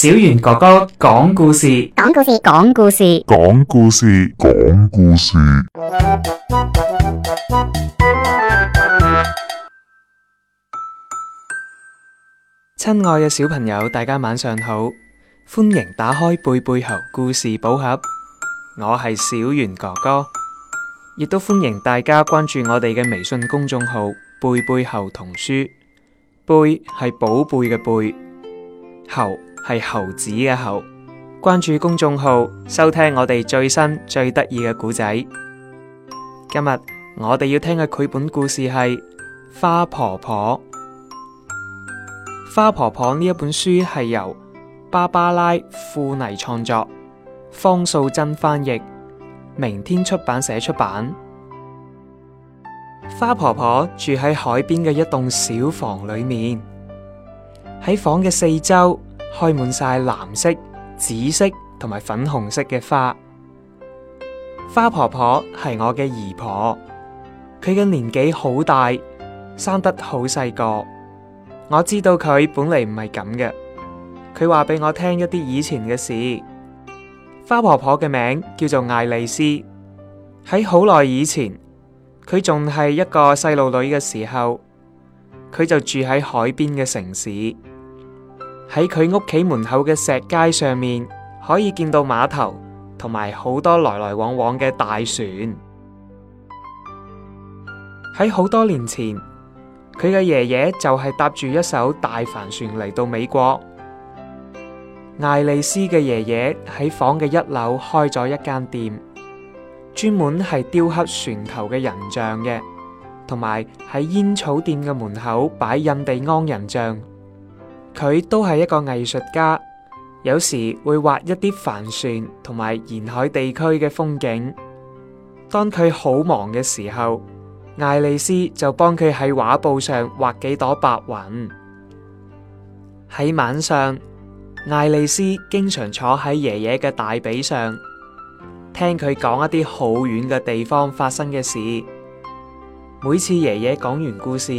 小袁哥哥講故事，講故事，講故事，講故事，講故事，講故事。親愛嘅小朋友，大家晚上好，歡迎打開貝貝猴故事寶盒。我係小袁哥哥，亦都歡迎大家關注我哋嘅微信公眾號貝貝猴童書。貝係寶貝嘅貝，猴。係猴子嘅猴，關注公眾號收聽我哋最新最得意嘅故仔。今日我哋要聽嘅繪本故事係花婆婆。花婆婆呢一本書係由芭芭拉庫尼創作，方素珍翻譯，明天出版社出版。花婆婆住喺海邊嘅一棟小房裏面，喺房嘅四周，開滿曬藍色、紫色同埋粉紅色嘅花。花婆婆係我嘅姨婆，佢嘅年紀好大，生得好細個。我知道佢本嚟唔係咁嘅，佢話俾我聽一啲以前嘅事。花婆婆嘅名叫做艾麗絲。喺好耐以前，佢仲係一個細路女嘅時候，佢就住喺海邊嘅城市。喺佢屋企門口嘅石階上面，可以見到碼頭同埋好多來來往往嘅大船。喺好多年前，佢嘅爺爺就係搭住一艘大帆船嚟到美國。艾麗絲嘅爺爺喺房嘅一樓開咗一間店，專門係雕刻船頭嘅人像嘅，同埋喺煙草店嘅門口擺印第安人像。佢都係一個藝術家，有時會畫一啲帆船同埋沿海地區嘅風景。當佢好忙嘅時候，艾麗絲就幫佢喺畫布上畫幾朵白雲。喺晚上，艾麗絲經常坐喺爺爺嘅大髀上，聽佢講一啲好遠嘅地方發生嘅事。每次爺爺講完故事，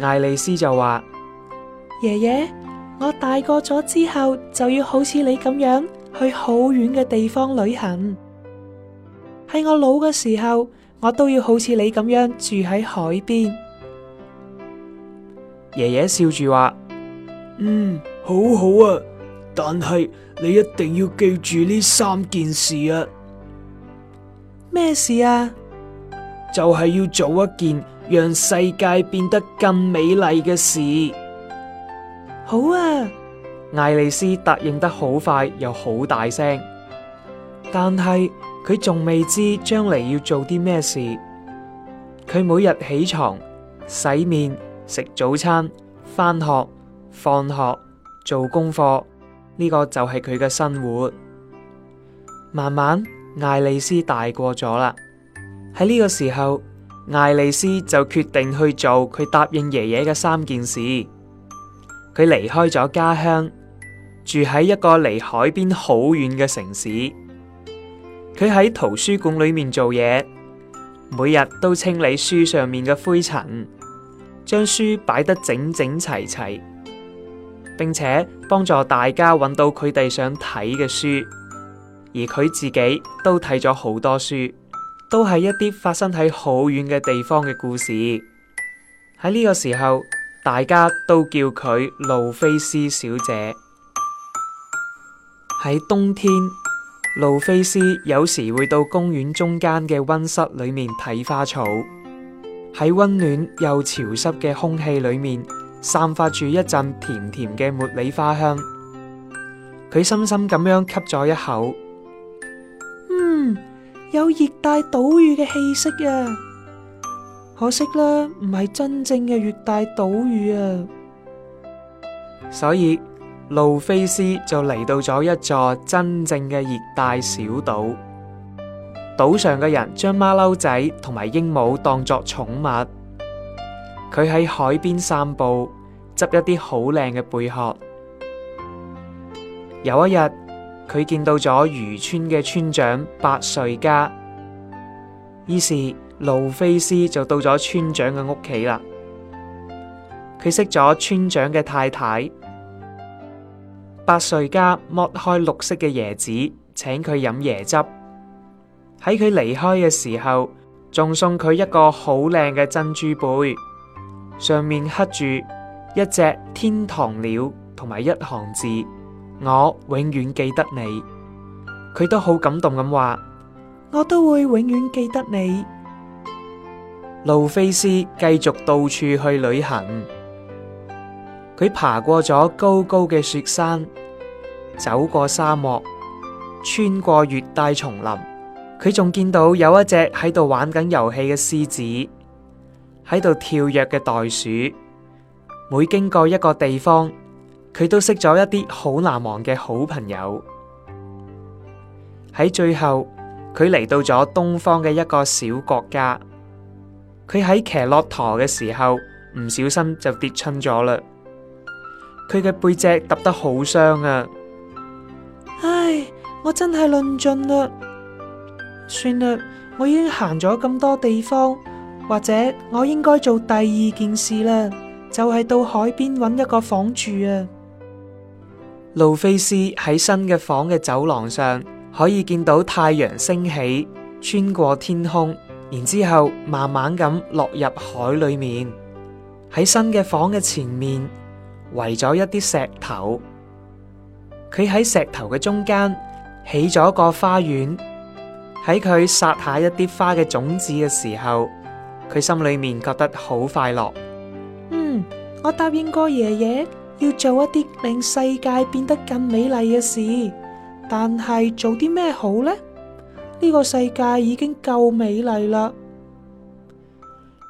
艾麗絲就話，爺爺，我大個咗之後就要好似你咁樣去好遠嘅地方旅行。喺我老嘅時候，我都要好似你咁樣住喺海邊。爺爺笑住話：嗯，好好啊。但係你一定要記住呢三件事啊。咩事啊？就係要做一件讓世界變得更美麗嘅事。好啊，艾麗絲答應得好快又好大聲，但係佢仲未知將嚟要做啲咩事。佢每日起床、洗面、食早餐、翻學、放學、做功課，呢個就係佢嘅生活。慢慢，艾麗絲大過咗啦。喺呢個時候，艾麗絲就決定去做佢答應爺爺嘅三件事。佢離開咗家鄉，住喺一個離海邊好遠嘅城市。佢喺圖書館裏面做嘢，每日都清理書上面嘅灰塵，將書擺得整整齊齊，並且幫助大家揾到佢哋想睇嘅書。而佢自己都睇咗好多書，都係一啲發生喺好遠嘅地方嘅故事。喺呢個時候，大家都叫佢魯菲絲小姐。喺冬天，魯菲絲有時會到公園中間嘅溫室裏面睇花草。喺溫暖又潮濕嘅空氣裏面，散發住一陣甜甜嘅茉莉花香。佢深深咁樣吸咗一口，嗯，有熱帶島嶼嘅氣息啊！可惜啦，唔係真正嘅熱帶島嶼啊，所以魯菲絲就嚟到咗一座真正嘅熱帶小島。島上嘅人將馬騮仔同埋鸚鵡當作寵物。佢喺海邊散步，執一啲好靚嘅貝殼。有一日，佢見到咗漁村嘅村長百歲家，於是，路菲斯就到咗村長嘅屋企啦。佢識咗村長嘅太太，八歲家剝開綠色嘅椰子，請佢飲椰汁。喺佢離開嘅時候，仲送佢一個好靚嘅珍珠貝，上面刻住一隻天堂鳥同埋一行字：我永遠記得你。佢都好感動咁話，我都會永遠記得你。路飛斯繼續到處去旅行，佢爬過咗高高嘅雪山，走過沙漠，穿過熱帶叢林。佢仲見到有一隻喺度玩緊遊戲嘅獅子，喺度跳躍嘅袋鼠。每經過一個地方，佢都識咗一啲好難忘嘅好朋友。喺最後，佢嚟到咗東方嘅一個小國家。佢喺騎駱駝嘅時候唔小心就跌親咗嘞。佢嘅背脊揼得好傷啊！唉，我真係論盡啦，算啦，我已經行咗咁多地方，或者我應該做第二件事啦，就係到海邊揾一個房住啊！魯菲絲喺新嘅房嘅走廊上，可以見到太陽升起，穿過天空。然之後慢慢咁落入海裏面，喺新嘅房嘅前面圍咗一啲石頭，佢喺石頭嘅中間起咗個花園。喺佢撒下一啲花嘅種子嘅時候，佢心裏面覺得好快樂。嗯，我答應過爺爺要做一啲令世界變得更美麗嘅事，但係做啲咩好呢？呢個世界已經夠美麗啦。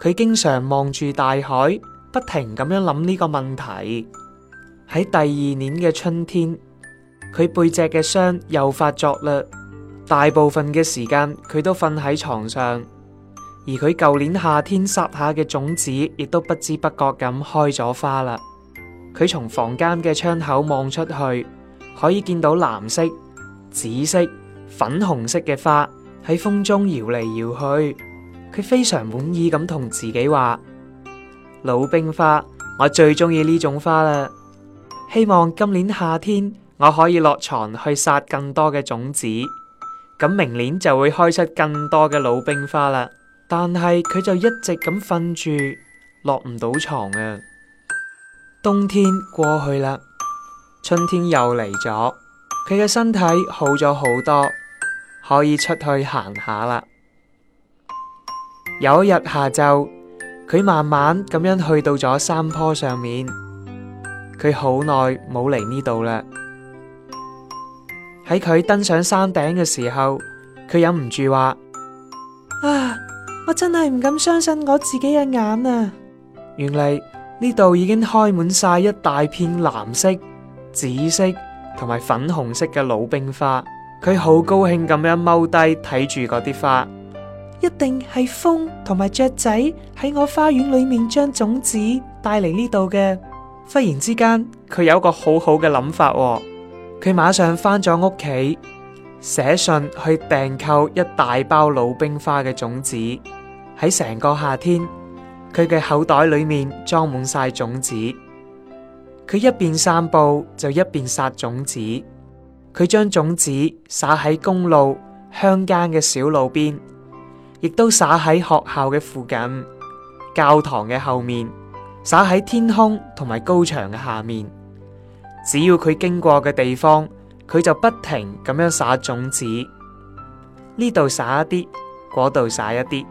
佢經常望住大海，不停咁樣諗呢個問題。喺第二年嘅春天，佢背脊嘅傷又發作啦。大部分嘅時間佢都瞓喺床上，而佢舊年夏天撒下嘅種子，亦都不知不覺咁開咗花啦。佢從房間嘅窗口望出去，可以見到藍色、紫色，粉紅色嘅花喺風中搖嚟搖去，佢非常滿意咁同自己話：魯冰花，我最鍾意呢種花啦！希望今年夏天我可以落床去撒更多嘅種子，咁明年就會開出更多嘅魯冰花啦。但係佢就一直咁瞓住，落唔到床啊！冬天過去啦，春天又嚟咗，佢嘅身體好咗好多。可以出去行下啦。有一日下晝，佢慢慢咁樣去到咗山坡上面。佢好耐冇嚟呢度啦。喺佢登上山頂嘅時候，佢忍唔住話：啊，我真係唔敢相信我自己嘅眼啊！原嚟呢度已經開滿晒一大片藍色、紫色同埋粉紅色嘅魯冰花。佢好高興咁樣踎低睇住嗰啲花，一定係風同埋雀仔喺我花園裏面將種子帶嚟呢度嘅。忽然之間，佢有一個好好嘅諗法，哦，佢馬上翻咗屋企寫信去訂購一大包魯冰花嘅種子。喺成個夏天，佢嘅口袋裏面裝滿晒種子，佢一邊散步就一邊撒種子。佢將種子撒喺公路、鄉間嘅小路邊，亦都撒喺學校嘅附近、教堂嘅後面，撒喺天空同埋高牆嘅下面。只要佢經過嘅地方，佢就不停咁樣撒種子。呢度撒一啲，嗰度撒一啲。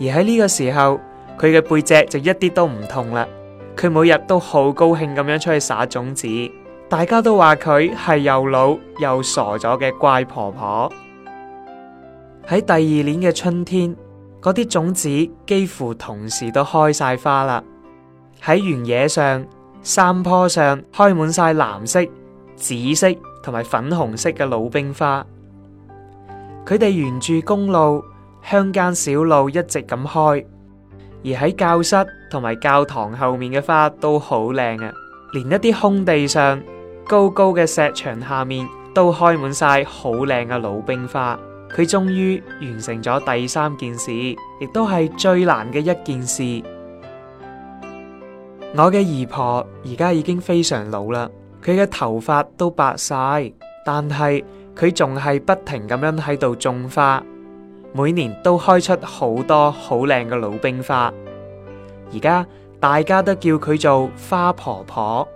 而喺呢個時候，佢嘅背脊就一啲都唔痛啦。佢每日都好高興咁樣出去撒種子。大家都話佢係又老又傻咗嘅怪婆婆。喺第二年嘅春天，嗰啲種子幾乎同時都開晒花啦。喺原野上、山坡上開滿晒藍色、紫色同埋粉紅色嘅魯冰花。佢哋沿住公路、鄉間小路一直咁開，而喺教室同埋教堂後面嘅花都好靚啊！連一啲空地上。高高嘅石牆下面都開滿晒好靚嘅魯冰花，佢終於完成咗第三件事，亦都係最難嘅一件事。我嘅姨婆而家已經非常老啦，佢嘅頭髮都白晒，但係佢仲係不停咁樣喺度種花，每年都開出好多好靚嘅魯冰花。而家大家都叫佢做花婆婆。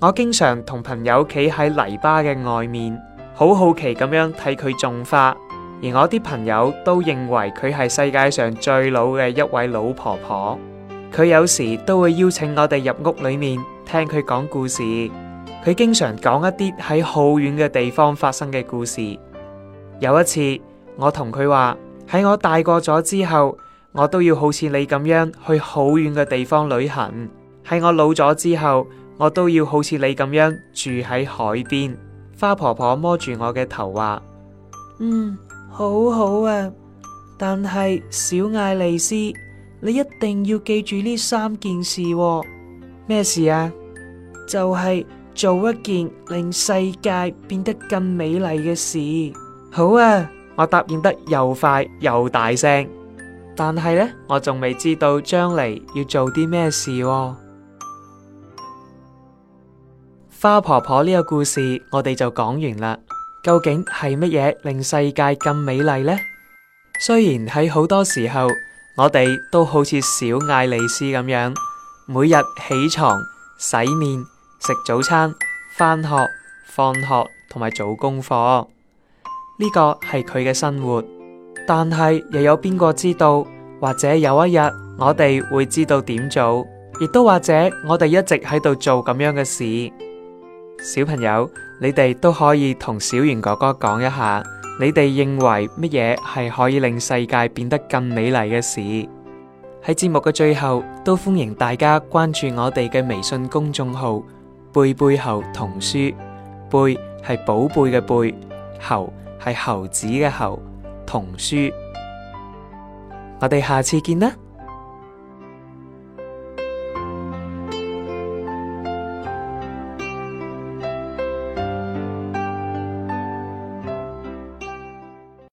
我經常同朋友企喺泥巴嘅外面，好好奇咁樣替佢種花。而我啲朋友都認為佢係世界上最老嘅一位老婆婆。佢有時都會邀請我哋入屋裏面聽佢講故事。佢經常講一啲喺好遠嘅地方發生嘅故事。有一次，我同佢話喺我大個咗之後，我都要好似你咁樣去好遠嘅地方旅行。喺我老咗之後。我都要好似你咁樣住喺海邊。花婆婆摸住我嘅頭話，嗯，好好啊。但係小艾麗絲，你一定要記住呢三件事喎。咩事啊？就係、是、做一件令世界變得更美麗嘅事。好啊，我答應得又快又大聲。但係呢，我仲未知道將嚟要做啲咩事喎。花婆婆呢個故事，我哋就講完啦。究竟係乜嘢令世界咁美麗呢？雖然喺好多時候，我哋都好似小艾麗絲咁樣，每日起床、洗面、食早餐、返學、放學同埋做功課，呢、呢個係佢嘅生活。但係又有邊個知道，或者有一日我哋會知道點做，亦都或者我哋一直喺度做咁樣嘅事。小朋友，你哋都可以同小袁哥哥講一下，你哋認為乜嘢係可以令世界變得更美麗嘅事？喺節目嘅最後，都歡迎大家關注我哋嘅微信公眾號《貝貝猴童書》，貝係寶貝嘅貝，猴係猴子嘅猴，童書。我哋下次見啦！